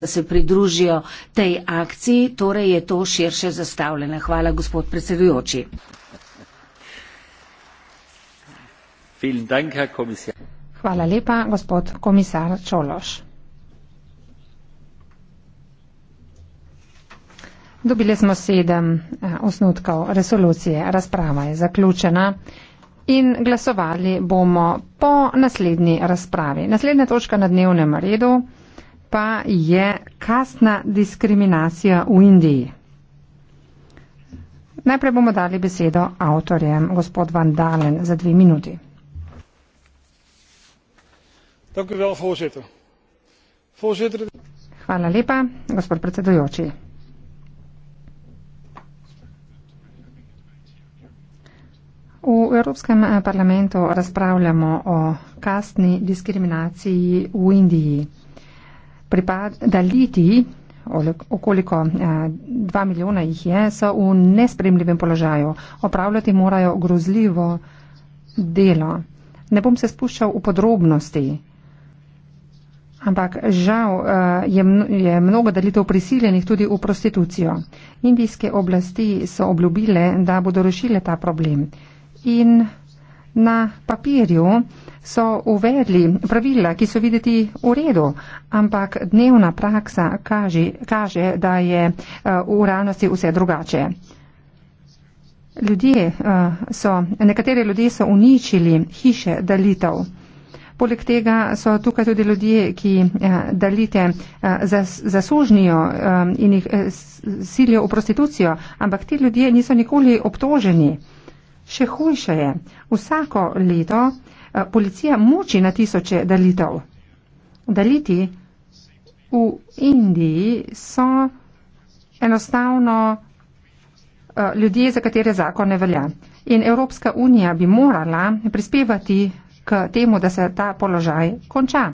da se pridružijo tej akciji, torej je to širše zastavljeno. Hvala, gospod predsedujoči. Hvala lepa, gospod komisar Čološ. Dobili smo sedem eh, osnutkov resolucije. Razprava je zaključena in glasovali bomo po naslednji razpravi. Naslednja točka na dnevnem redu pa je kasna diskriminacija v Indiji. Najprej bomo dali besedo avtorjem, gospod Van Dalen, za dve minuti. Hvala lepa, gospod predsedujoči. V Evropskem eh, parlamentu razpravljamo o kastni diskriminaciji v Indiji. Uh, pripada Litiji, okoliko 2 eh, milijona jih je, so v nespremljivem položaju. Opravljati morajo grozljivo delo. Ne bom se spuščal v podrobnosti, ampak žal eh, je mnogo delitev prisiljenih tudi v prostitucijo. Indijske oblasti so obljubile, da bodo rešile ta problem. In na papirju so uvedli pravila, ki so videti v redu, ampak dnevna praksa kaže, kaže da je uh, v realnosti vse drugače. Ljudje, uh, so, nekateri ljudje so uničili hiše dalitev. Poleg tega so tukaj tudi ljudje, ki uh, dalite uh, zas, zasužnijo um, in jih uh, silijo v prostitucijo, ampak ti ljudje niso nikoli obtoženi. Še hujše je, vsako leto eh, policija muči na tisoče dalitev. Daliti v Indiji so enostavno eh, ljudje, za katere zakon ne velja. In Evropska unija bi morala prispevati k temu, da se ta položaj konča.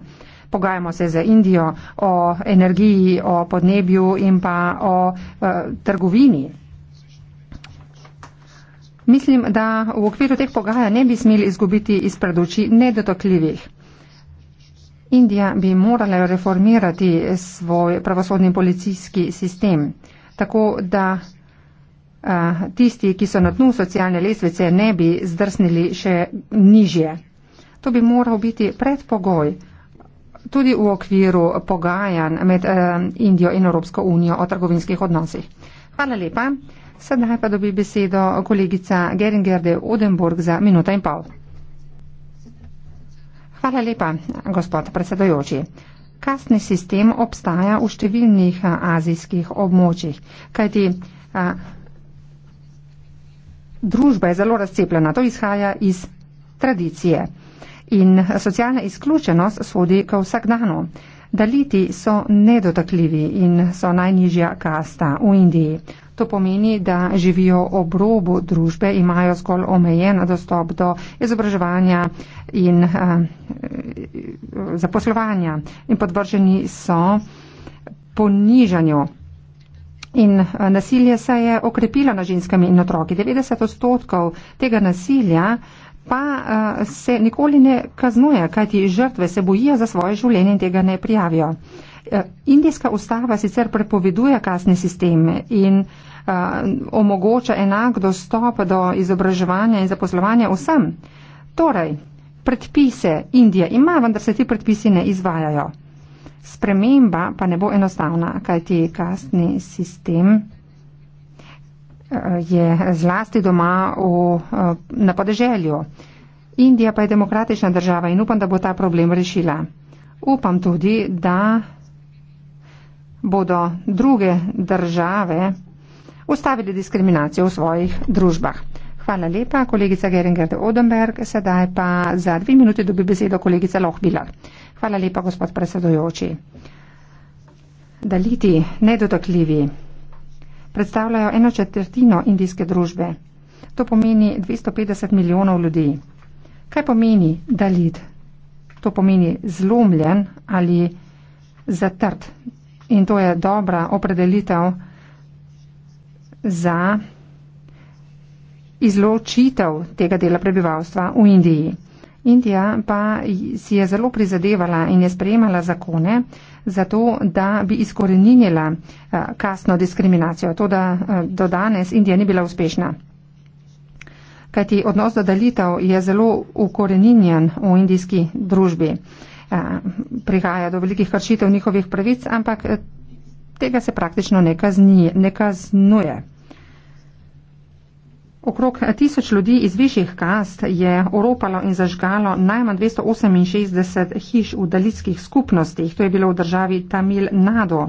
Pogajamo se za Indijo o energiji, o podnebju in pa o uh, trgovini. Mislim, da v okviru teh pogaja ne bi smeli izgubiti izpred oči nedotokljivih. Indija bi morala reformirati svoj pravosodni policijski sistem, tako da a, eh, tisti, ki so na dnu socialne lesvice, ne bi zdrsnili še nižje. To bi moral biti predpogoj tudi v okviru pogajanj med a, eh, Indijo in Evropsko unijo o trgovinskih odnosih. Hvala lepa. Sedaj pa dobi besedo kolegica Geringerde Odenburg za minuto in pol. Hvala lepa, gospod predsedojoči. Kasni sistem obstaja v številnih azijskih območjih, kajti a, družba je zelo razcepljena, to izhaja iz tradicije. In socialna izključenost sodi k vsakdanu. Daliti so nedotakljivi in so najnižja kasta v Indiji. To pomeni, da živijo ob robu družbe, imajo zgolj omejen dostop do izobraževanja in eh, zaposlovanja in podvrženi so ponižanju. In eh, nasilje se je okrepilo na ženskami in otroki. 90 odstotkov tega nasilja eh, pa uh, se nikoli ne kaznuje, kajti žrtve se bojijo za svoje življenje in tega ne prijavijo. Uh, indijska ustava sicer prepoveduje kasne sisteme in uh, omogoča enak dostop do izobraževanja in zaposlovanja vsem. Torej, predpise Indija ima, vendar se ti predpisi ne izvajajo. Sprememba pa ne bo enostavna, kajti kasni sistem je zlasti doma v, na podeželju. Indija pa je demokratična država in upam, da bo ta problem rešila. Upam tudi, da bodo druge države ustavili diskriminacijo v svojih družbah. Hvala lepa, kolegica Geringer de Odenberg. Sedaj pa za dve minuti dobi besedo kolegica Lohbilar. Hvala lepa, gospod predsedojoči. Daliti nedotokljivi predstavljajo eno četrtino indijske družbe. To pomeni 250 milijonov ljudi. Kaj pomeni dalit? To pomeni zlomljen ali zatrt. In to je dobra opredelitev za izločitev tega dela prebivalstva v Indiji. Indija pa si je zelo prizadevala in je sprejemala zakone, zato, da bi izkoreninila eh, kasno diskriminacijo, to, da eh, do danes Indija ni bila uspešna. Kajti odnos do delitev je zelo ukoreninjen v indijski družbi. Eh, prihaja do velikih kršitev njihovih pravic, ampak tega se praktično ne kaznuje. Okrog eh, tisoč ljudi iz višjih kast je oropalo in zažgalo najmanj 268 hiš v dalitskih skupnostih, to je bilo v državi Tamil Nado.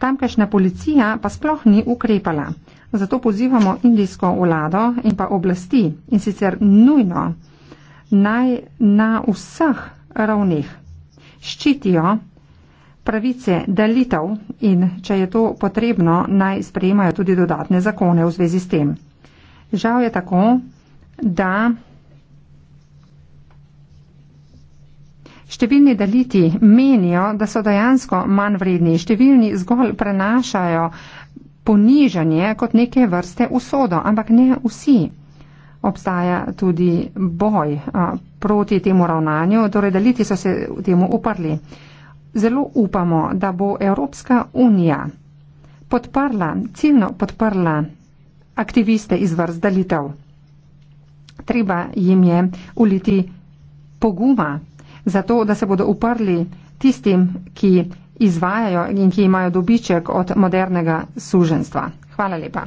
Tamkajšnja policija pa sploh ni ukrepala. Zato pozivamo indijsko vlado in pa oblasti in sicer nujno naj na vseh ravneh ščitijo pravice dalitev in če je to potrebno, naj sprejemajo tudi dodatne zakone v zvezi s tem. Žal je tako, da številni daliti menijo, da so dejansko manj vredni. Številni zgolj prenašajo ponižanje kot neke vrste usodo, ampak ne vsi. Obstaja tudi boj a, proti temu ravnanju, torej daliti so se temu uprli. Zelo upamo, da bo Evropska unija podprla, ciljno podprla aktiviste iz vrzdalitev. Treba jim je uliti poguma, zato da se bodo uprli tistim, ki izvajajo in ki imajo dobiček od modernega suženstva. Hvala lepa.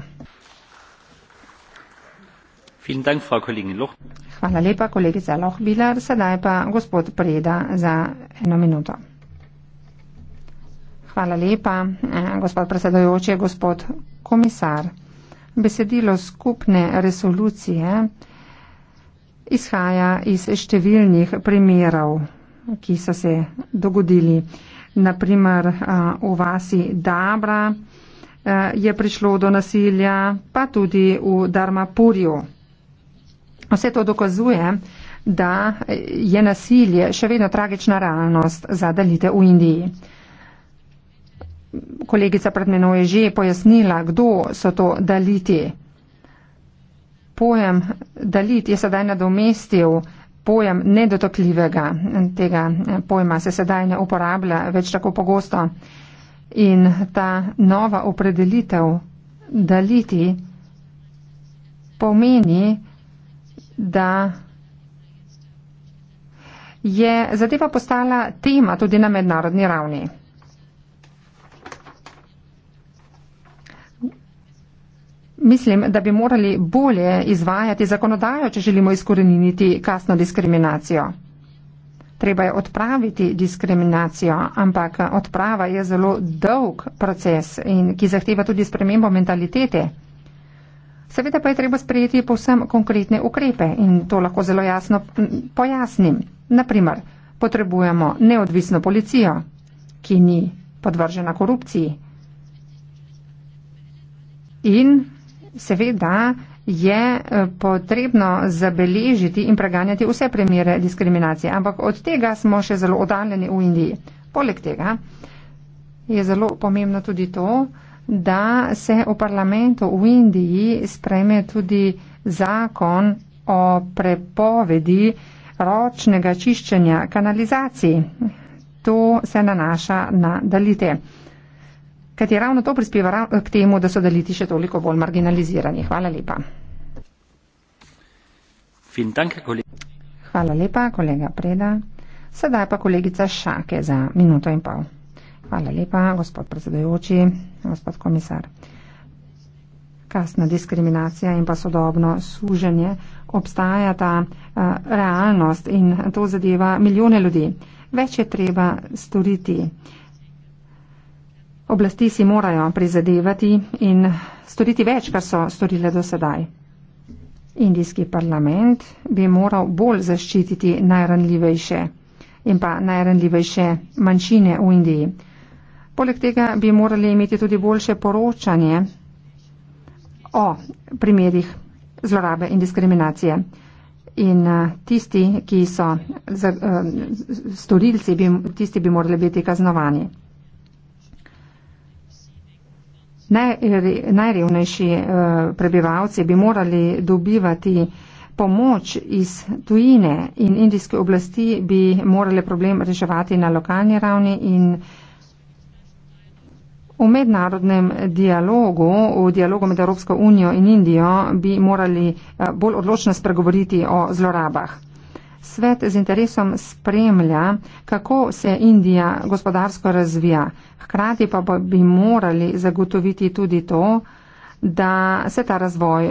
Dank, Hvala lepa, kolegica Lohbilar. Sedaj pa gospod Preda za eno minuto. Hvala lepa, eh, gospod predsedojoči, gospod komisar. Besedilo skupne resolucije izhaja iz številnih primerov, ki so se dogodili. Naprimer v vasi Dabra je prišlo do nasilja, pa tudi v Darmapurju. Vse to dokazuje, da je nasilje še vedno tragična realnost za delitev v Indiji kolegica pred menoj je že pojasnila, kdo so to daliti. Pojem dalit je sedaj nadomestil pojem nedotokljivega. Tega eh, pojma se sedaj ne uporablja več tako pogosto. In ta nova opredelitev daliti pomeni, da je zadeva postala tema tudi na mednarodni ravni. Mislim, da bi morali bolje izvajati zakonodajo, če želimo izkoreniniti kasno diskriminacijo. Treba je odpraviti diskriminacijo, ampak odprava je zelo dolg proces in ki zahteva tudi spremembo mentalitete. Seveda pa je treba sprejeti povsem konkretne ukrepe in to lahko zelo jasno pojasnim. Naprimer, potrebujemo neodvisno policijo, ki ni podvržena korupciji. In seveda je eh, potrebno zabeležiti in preganjati vse primere diskriminacije, ampak od tega smo še zelo oddaljeni v Indiji. Poleg tega je zelo pomembno tudi to, da se v parlamentu v Indiji spreme tudi zakon o prepovedi ročnega čiščenja kanalizacij. To se nanaša na dalite kajti ravno to prispeva k temu, da so daliti še toliko bolj marginalizirani. Hvala lepa. Hvala lepa, kolega Preda. Sedaj pa kolegica Šake za minuto in pol. Hvala lepa, gospod predsedojoči, gospod komisar. Kasna diskriminacija in pa sodobno suženje obstajata uh, realnost in to zadeva milijone ljudi. Več je treba storiti. Uh, Oblasti si morajo prizadevati in storiti več, kar so storile do sedaj. Indijski parlament bi moral bolj zaščititi najranljivejše in pa najranljivejše manjšine v Indiji. Poleg tega bi morali imeti tudi boljše poročanje o primerih zlorabe in diskriminacije. In eh, tisti, ki so eh, storilci, tisti bi morali biti kaznovani. najrevnejši eh, prebivalci bi morali dobivati pomoč iz tujine in indijske oblasti bi morali problem reševati na lokalni ravni in v mednarodnem dialogu, v dialogu med Evropsko unijo in Indijo bi morali eh, bolj odločno spregovoriti o zlorabah svet z interesom spremlja, kako se Indija gospodarsko razvija. Hkrati pa bi morali zagotoviti tudi to, da se ta razvoj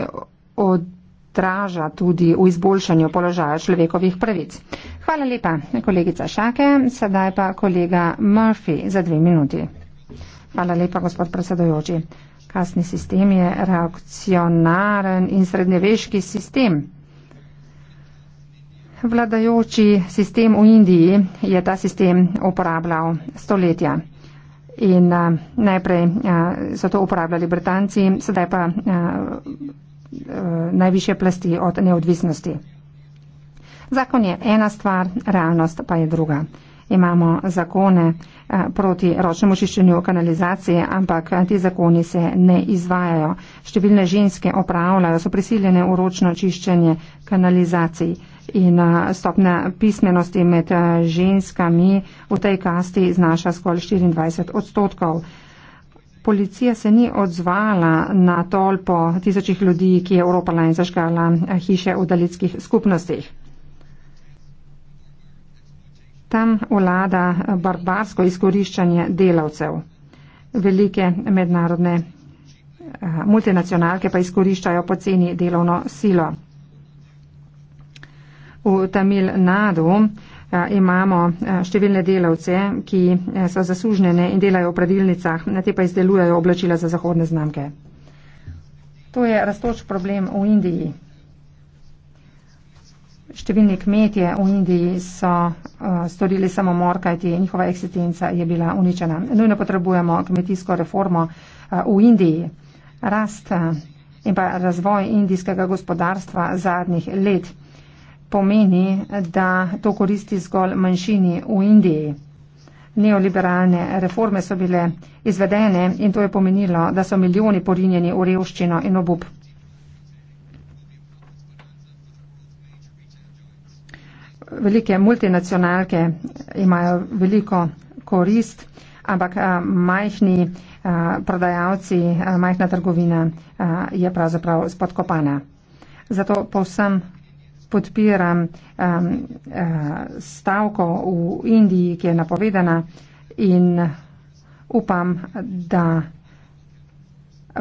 odraža tudi v izboljšanju položaja človekovih pravic. Hvala lepa, kolegica Šake. Sedaj pa kolega Murphy za dve minuti. Hvala lepa, gospod predsedojoči. Kasni sistem je reakcionaren in srednjeveški sistem vladajoči sistem v Indiji je ta sistem uporabljal stoletja. In uh, najprej uh, so to uporabljali Britanci, sedaj pa uh, eh, uh, najviše plasti od neodvisnosti. Zakon je ena stvar, realnost pa je druga. Imamo zakone proti ročnemu očiščenju kanalizacije, ampak ti zakoni se ne izvajajo. Številne ženske opravljajo, so prisiljene v ročno očiščenje kanalizacij. Uh, in stopna pismenosti med ženskami v tej kasti znaša skolj 24 odstotkov. Policija se ni odzvala na tolpo tisočih ljudi, ki je oropala in zaškala hiše v dalitskih skupnostih. Tam vlada barbarsko izkoriščanje delavcev. Velike mednarodne multinacionalke pa izkoriščajo poceni delovno silo. V Tamil Nadu eh, imamo eh, številne delavce, ki eh, so zaslužnjene in delajo v pradilnicah, na te pa izdelujejo oblačila za zahodne znamke. To je rastoč problem v Indiji. Številni kmetje v Indiji so uh, storili samomor, kajti njihova eksistenca je bila uničena. Nujno potrebujemo kmetijsko reformo uh, v Indiji. Rast uh, in pa razvoj indijskega gospodarstva zadnjih let pomeni, da to koristi zgolj manjšini v Indiji. Neoliberalne reforme so bile izvedene in to je pomenilo, da so milijoni porinjeni v revščino in obup. Velike multinacionalke imajo veliko korist, ampak majhni prodajalci, majhna trgovina je pravzaprav spodkopana. Zato povsem podpiram um, uh, stavko v Indiji, ki je napovedana in upam, da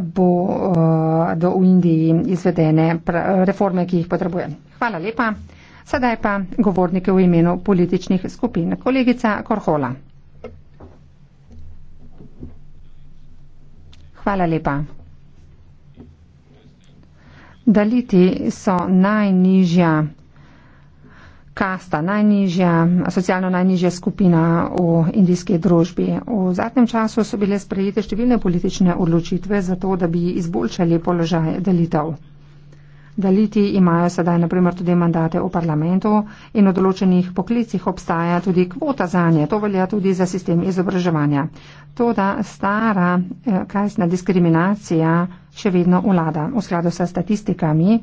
bo uh, do v Indiji izvedene reforme, ki jih potrebuje. Hvala lepa. Sedaj pa govornike v imenu političnih skupin. Kolegica Korhola. Hvala lepa. Daliti so najnižja kasta, najnižja, socialno najnižja skupina v indijski družbi. V zadnjem času so bile sprejete številne politične odločitve za to, da bi izboljšali položaj delitev. Daliti imajo sedaj naprimer tudi mandate v parlamentu in v določenih poklicih obstaja tudi kvota za nje. To velja tudi za sistem izobraževanja. To, da stara eh, kajsna diskriminacija še vedno vlada. V skladu s statistikami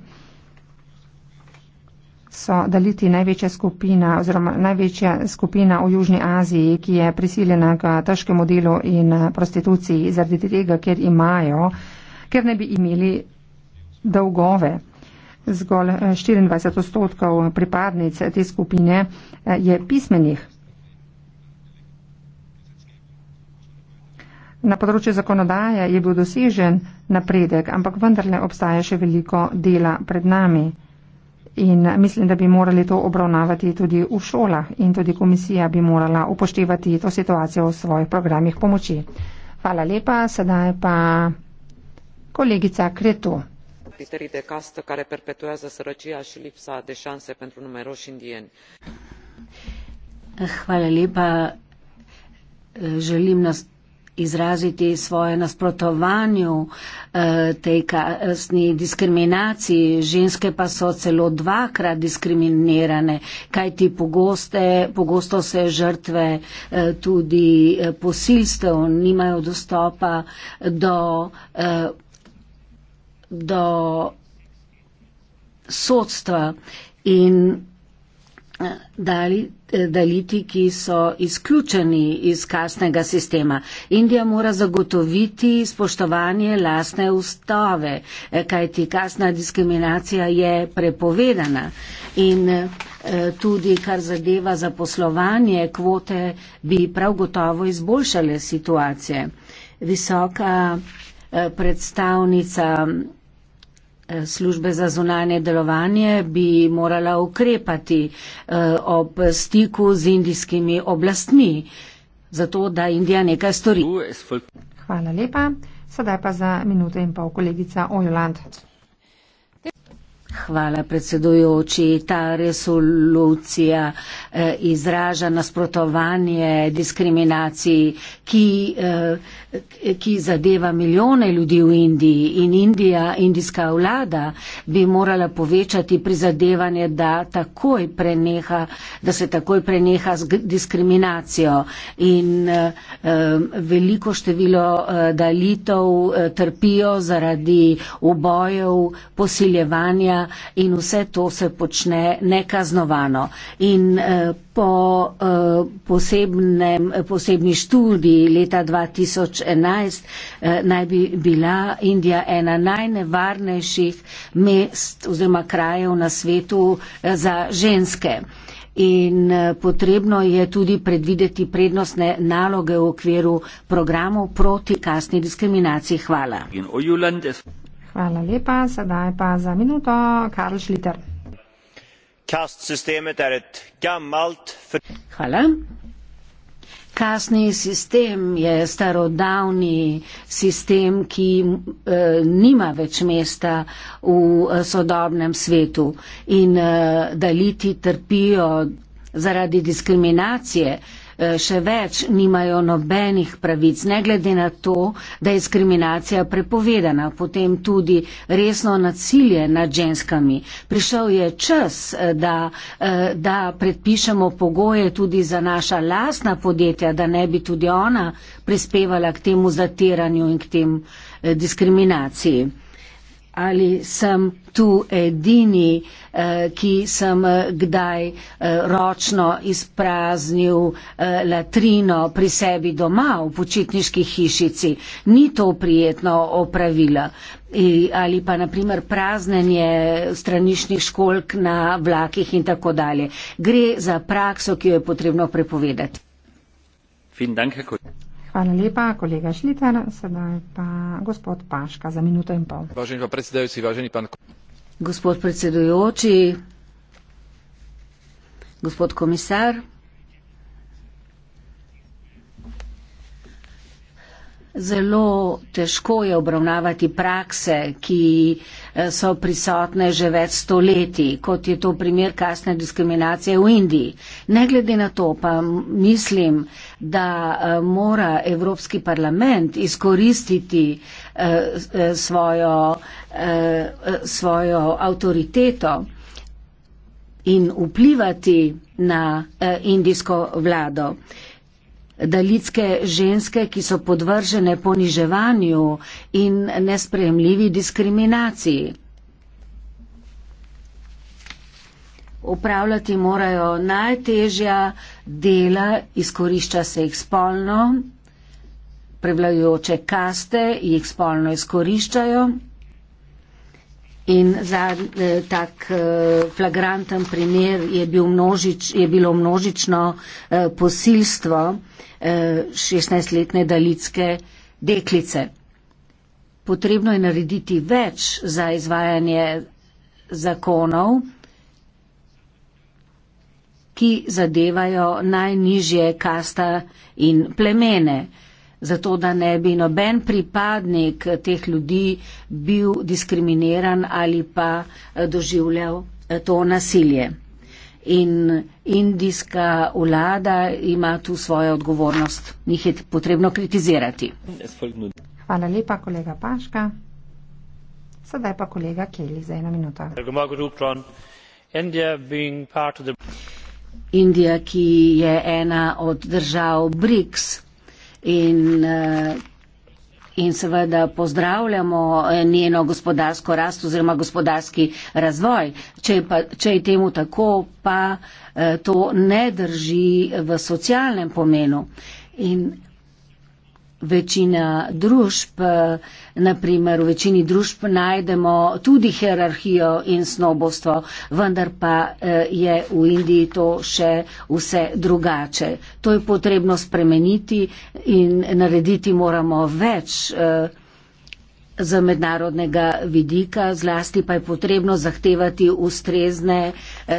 so daliti največja skupina oziroma največja skupina v Južni Aziji, ki je prisiljena k težkemu delu in eh, prostituciji zaradi tega, ker imajo, ker ne bi imeli dolgove. Zgolj 24 eh, odstotkov pripadnic te skupine eh, je pismenih. Na področju zakonodaje je bil dosežen napredek, ampak vendarle obstaja še veliko dela pred nami. In mislim, da bi morali to obravnavati tudi v šolah in tudi komisija bi morala upoštevati to situacijo v svojih programih pomoči. Hvala lepa, sedaj pa kolegica Kretu. Hvala lepa. Želim nas izraziti svoje nasprotovanje eh, tej kasni diskriminaciji. Ženske pa so celo dvakrat diskriminirane, kajti pogoste, pogosto se žrtve eh, tudi eh, posilstev nimajo dostopa do, do sodstva. In dali, daliti, ki so izključeni iz kasnega sistema. Indija mora zagotoviti spoštovanje lastne ustave, eh, kajti kasna diskriminacija je prepovedana. In eh, tudi, kar zadeva zaposlovanje, kvote bi prav gotovo izboljšale situacije. Visoka eh, predstavnica službe za zunanje delovanje bi morala ukrepati eh, ob stiku z indijskimi oblastmi, zato da Indija nekaj stori. Hvala lepa. Sedaj pa za minuto in pol kolegica Ojoland. Hvala predsedujoči. Ta resolucija eh, izraža nasprotovanje diskriminaciji, ki, eh, ki zadeva milijone ljudi v Indiji in Indija, indijska vlada bi morala povečati prizadevanje, da, takoj preneha, da se takoj preneha z diskriminacijo in eh, veliko število eh, dalitev eh, trpijo zaradi ubojev, posiljevanja in vse to se počne nekaznovano. In eh, po eh, posebnem, posebni študiji leta 2011 eh, naj bi bila Indija ena najnevarnejših mest oziroma krajev na svetu za ženske. In potrebno je tudi predvideti prednostne naloge v okviru programov proti kasni diskriminaciji. Hvala. Hvala lepa. Sedaj pa za minuto Karl Šliter. Er Hvala. Kasni sistem je starodavni sistem, ki e, nima več mesta v eh, sodobnem svetu in e, daliti trpijo zaradi diskriminacije. E, E, še več nimajo nobenih pravic, ne glede na to, da je diskriminacija prepovedana, potem tudi resno nasilje nad ženskami. Prišel je čas, e, da, e, da predpišemo pogoje tudi za naša lasna podjetja, da ne bi tudi ona prispevala k temu zatiranju in k tem diskriminaciji ali sem tu edini, eh, ki sem eh, kdaj eh, ročno izpraznil latrino pri sebi doma v počitniški hišici. Ni to prijetno opravila. Ali pa naprimer praznenje straniščnih školk na vlakih in tako dalje. Gre za prakso, ki jo je potrebno prepovedati. Hvala lepa, kolega Šliter. Sedaj pa gospod Paška za minuto in pol. Važeni pa predsedajci, važeni pan. Gospod predsedujoči, gospod komisar, Zelo težko je obravnavati prakse, ki eh, so prisotne že več stoletij, kot je to primer kasne diskriminacije v Indiji. Ne glede na to pa mislim, da eh, mora Evropski parlament izkoristiti eh, svojo, svojo avtoriteto in vplivati na indijsko vlado dalitske ženske, ki so podvržene poniževanju in nespremljivi diskriminaciji. Upravljati morajo najtežja dela, izkorišča se jih spolno, prevlajujoče kaste jih spolno izkoriščajo. In za eh, tak eh, flagranten primer je, bil množič, je bilo množično eh, posilstvo 16-letne dalitske deklice. Potrebno je narediti več za izvajanje zakonov, ki zadevajo najnižje kasta in plemene zato da ne bi noben pripadnik teh ljudi bil diskriminiran ali pa eh, doživljal eh, to nasilje. In indijska vlada ima tu svojo odgovornost, njih je potrebno kritizirati. Hvala lepa, kolega Paška. Sedaj pa kolega Keli za eno minuto. Indija, ki je ena od držav BRICS, in, eh, in seveda pozdravljamo eh, njeno gospodarsko rast oziroma gospodarski razvoj. Če, pa, če je temu tako, pa eh, to ne drži v socialnem pomenu. In večina družb, eh, naprimer v večini družb najdemo tudi hierarhijo in snobostvo, vendar pa eh, je v Indiji to še vse drugače. To je potrebno spremeniti in narediti moramo več eh, za mednarodnega vidika, zlasti pa je potrebno zahtevati ustrezne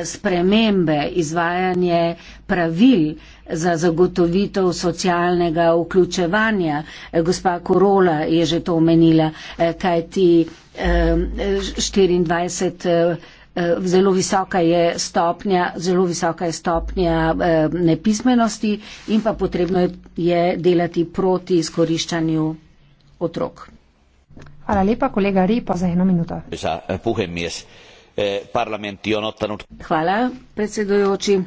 spremembe, izvajanje pravil za zagotovitev socialnega vključevanja. E, gospa Korola je že to omenila, kaj ti 24. Zelo visoka, stopnja, zelo visoka je stopnja e, nepismenosti in pa potrebno je delati proti izkoriščanju otrok. Hvala lepa, kolega Ripa, za eno minuto. E, Hvala, predsedujoči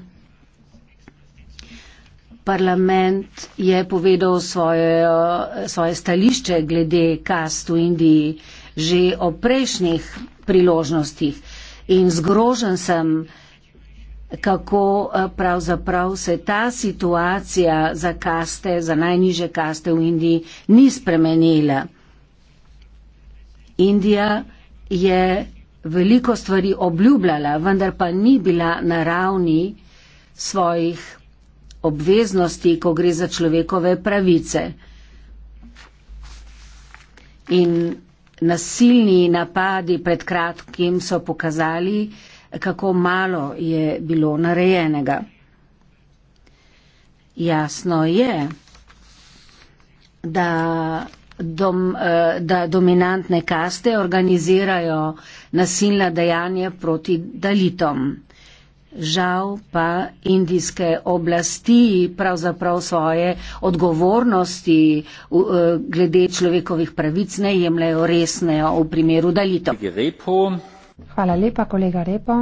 parlament je povedal svoje, svoje stališče glede kast v Indiji že o prejšnjih priložnostih in zgrožen sem, kako eh, pravzaprav se ta situacija za kaste, za najniže kaste v Indiji ni spremenila. Indija je veliko stvari obljubljala, vendar pa ni bila na ravni svojih obveznosti, ko gre za človekove pravice. In nasilni napadi pred kratkim so pokazali, kako malo je bilo narejenega. Jasno je, da, dom, eh, da dominantne kaste organizirajo nasilna dejanja proti dalitom. Žal pa indijske oblasti pravzaprav svoje odgovornosti e, glede človekovih pravic ne jemljajo resno v primeru dalitev. Hvala lepa, kolega Repo.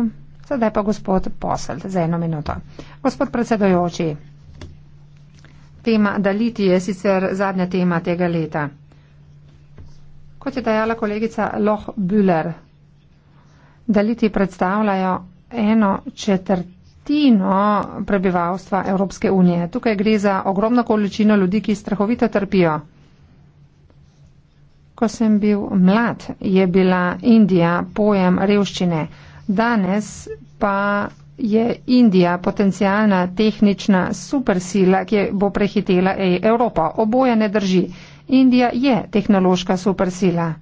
Sedaj pa gospod Posel za eno minuto. Gospod predsedojoči, tema daliti je sicer zadnja tema tega leta. Kot je dejala kolegica Loh Büller, daliti predstavljajo eno četrtino prebivalstva Evropske unije. Tukaj gre za ogromno količino ljudi, ki strahovito trpijo. Ko sem bil mlad, je bila Indija pojem revščine. Danes pa je Indija potencijalna tehnična supersila, ki bo prehitela ej, Evropo. Oboje ne drži. Indija je tehnološka supersila,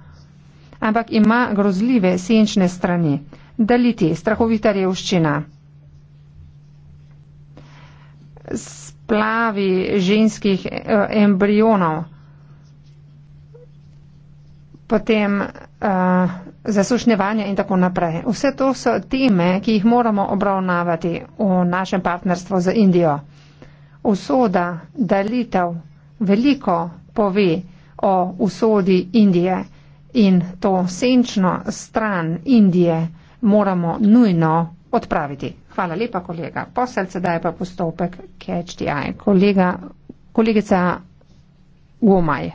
ampak ima grozljive senčne strani deliti. Strahovita revščina. Splavi ženskih eh, embrionov. Potem uh, eh, zasušnevanje in tako naprej. Vse to so teme, ki jih moramo obravnavati v našem partnerstvu z Indijo. Usoda, delitev, veliko pove o usodi Indije in to senčno stran Indije moramo nujno odpraviti. Hvala lepa, kolega. Posel sedaj pa postopek Catch the Eye. Kolega, kolegica Uomaj.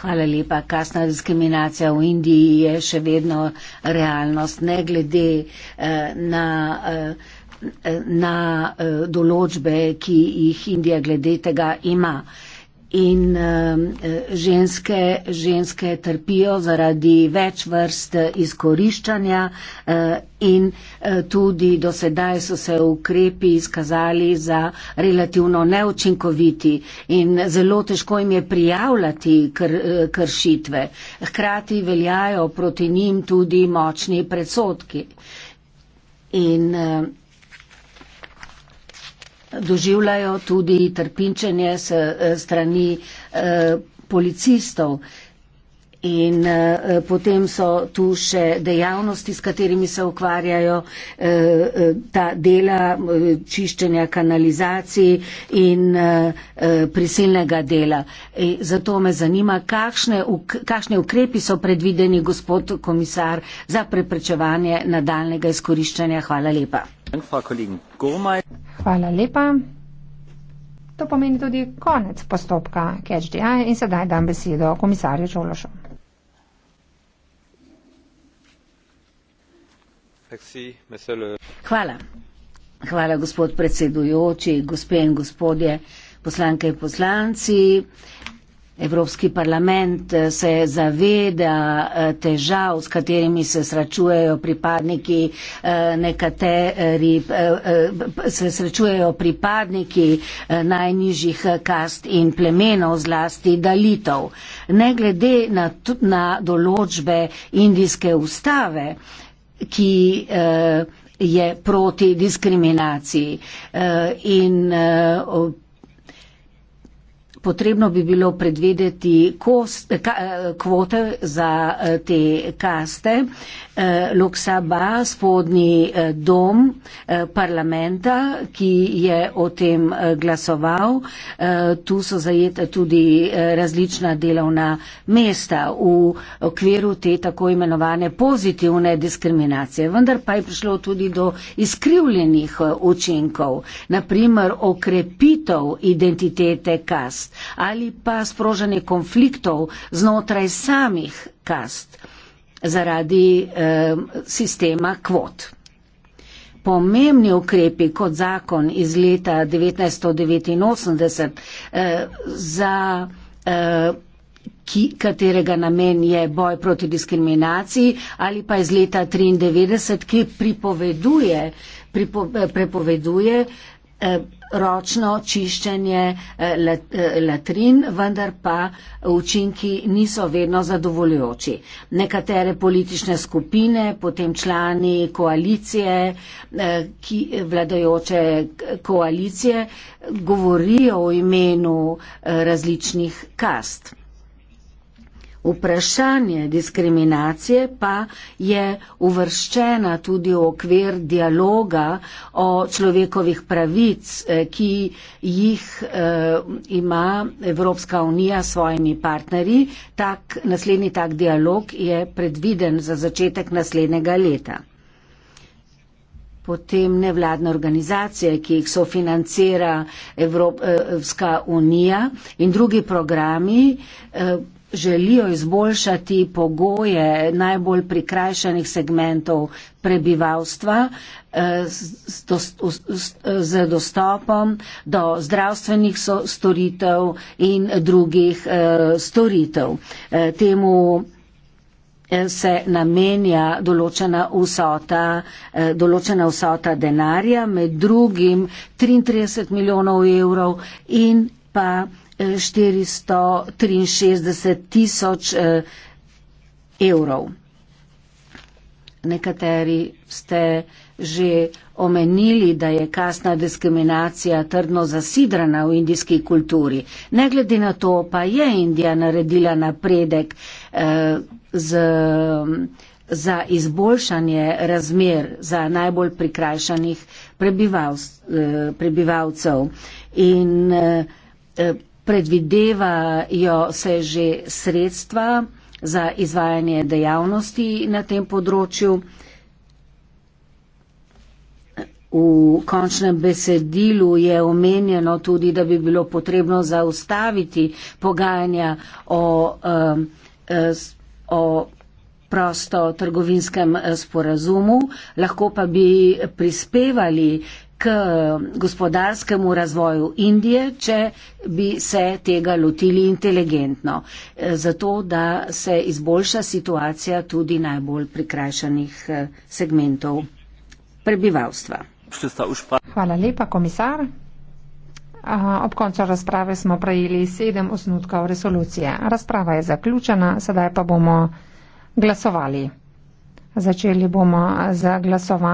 Hvala lepa. Kasna diskriminacija v Indiji je še vedno realnost, ne glede eh, na. Eh, na eh, določbe, ki jih Indija glede tega ima in uh, ženske, ženske trpijo zaradi več vrst eh, izkoriščanja uh, in uh, tudi do sedaj so se ukrepi izkazali za relativno neučinkoviti in zelo težko jim je prijavljati kr, kršitve. Hkrati veljajo proti njim tudi močni predsotki. In, uh, doživljajo tudi trpinčenje s eh, strani eh, policistov. In eh, potem so tu še dejavnosti, s katerimi se ukvarjajo ta dela čiščenja kanalizacij in prisilnega dela. E, zato me zanima, kakšne, kakšne ukrepi so predvideni, gospod komisar, za preprečevanje nadaljnega izkoriščanja. Hvala lepa. Hvala lepa. To pomeni tudi konec postopka CHDI in sedaj dam besedo komisarju Čološu. Hvala. Hvala, gospod predsedujoči, gospe in gospodje, poslanke in poslanci. Evropski parlament eh, se zaveda eh, težav, s katerimi se srečujejo pripadniki eh, nekateri, se srečujejo pripadniki najnižjih kast in plemenov, zlasti dalitov. Ne glede na, na določbe indijske ustave, ki je proti diskriminaciji in potrebno bi bilo predvedeti kost, ka, kvote za eh, te kaste. Eh, Luksaba, spodnji eh, dom parlamenta, ki je o tem glasoval, tu so zajete tudi različna delovna mesta v okviru te tako imenovane pozitivne diskriminacije. Vendar pa je prišlo tudi do iskrivljenih učinkov, naprimer okrepitev identitete kast kast ali pa sprožanje konfliktov znotraj samih kast zaradi eh, sistema kvot. Pomembni ukrepi kot zakon iz leta 1989, eh, za. Eh, Ki, katerega namen je boj proti diskriminaciji ali pa iz leta 1993, ki pripoveduje, pripo, eh, prepoveduje Eh, ročno čiščenje eh, eh, latrin, vendar pa učinki niso vedno zadovoljujoči. Nekatere politične skupine, potem člani koalicije, ki, vladajoče koalicije, govorijo o imenu različnih kast. Vprašanje diskriminacije pa je uvrščena tudi v okvir dialoga o človekovih pravic, eh, ki jih eh, ima Evropska unija s svojimi partnerji. Tak, naslednji tak dialog je predviden za začetek naslednjega leta. Potem nevladne organizacije, ki jih sofinancira eh, Evropska unija in drugi programi. Eh, želijo izboljšati pogoje najbolj prikrajšanih segmentov prebivalstva eh, z dostopom do zdravstvenih storitev in drugih eh, storitev. Eh, temu se namenja določena vsota, določena vsota denarja, med drugim 33 milijonov evrov in pa 463 tisoč eh, evrov. Nekateri ste že omenili, da je kasna diskriminacija trdno zasidrana v indijski kulturi. Ne glede na to, pa je Indija naredila napredek eh, z, za izboljšanje razmer za najbolj prikrajšanih prebivalc, eh, prebivalcev. In, eh, Predvidevajo se že sredstva za izvajanje dejavnosti na tem področju. V končnem besedilu je omenjeno tudi, da bi bilo potrebno zaustaviti pogajanja o, eh, o prosto trgovinskem eh, sporazumu, lahko pa bi prispevali k gospodarskemu razvoju Indije, če bi se tega lotili inteligentno, e, zato da se izboljša situacija tudi najbolj prikrajšanih e, segmentov prebivalstva. Hvala lepa, komisar. Ob koncu razprave smo prejeli sedem osnutkov resolucije. Razprava je zaključena, sedaj pa bomo glasovali. Začeli bomo z glasovanjem.